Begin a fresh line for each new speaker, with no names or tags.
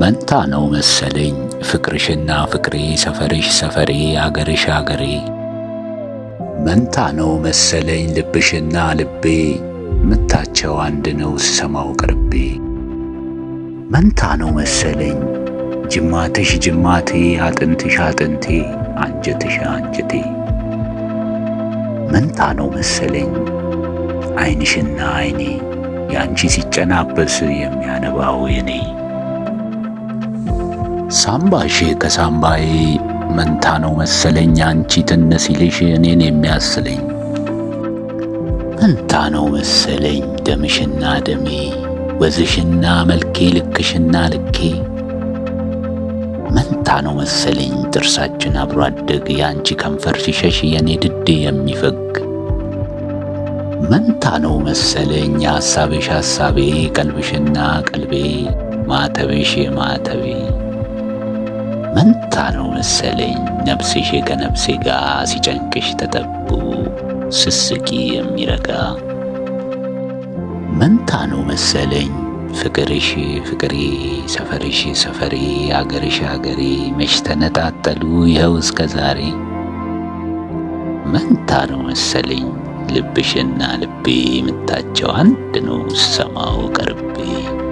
መንታ ነው መሰለኝ ፍቅርሽና ፍቅሬ፣ ሰፈርሽ ሰፈሬ፣ አገርሽ አገሬ። መንታ ነው መሰለኝ ልብሽና ልቤ፣ ምታቸው አንድ ነው ስሰማው ቅርቤ። መንታ ነው መሰለኝ ጅማትሽ ጅማቴ፣ አጥንትሽ አጥንቴ፣ አንጀትሽ አንጀቴ። መንታ ነው መሰለኝ ዓይንሽና ዓይኔ፣ ያንቺ ሲጨናበስ የሚያነባው የኔ ሳምባሽ ከሳምባዬ መንታ ነው መሰለኝ አንቺ ትነሲልሽ እኔን የሚያስለኝ መንታ ነው መሰለኝ ደምሽና ደሜ ወዝሽና መልኬ ልክሽና ልኬ መንታ ነው መሰለኝ ጥርሳችን አብሮ አደግ የአንቺ ከንፈር ሲሸሽ የእኔ ድድ የሚፈግ መንታ ነው መሰለኝ ሐሳብሽ ሐሳቤ ቀልብሽና ቀልቤ ማተብሽ ማተቤ መንታ ነው መሰለኝ። ነፍስሽ ከነፍሴ ጋር ሲጨንቅሽ ተጠቡ ስስቂ የሚረጋ መንታ ነው መሰለኝ። ፍቅርሽ ፍቅሬ፣ ሰፈርሽ ሰፈሬ፣ አገርሽ አገሬ፣ መች ተነጣጠሉ ይኸው እስከ ዛሬ። መንታ ነው መሰለኝ። ልብሽና ልቤ ምታቸው አንድ ነው፣ ሰማው ቀርቤ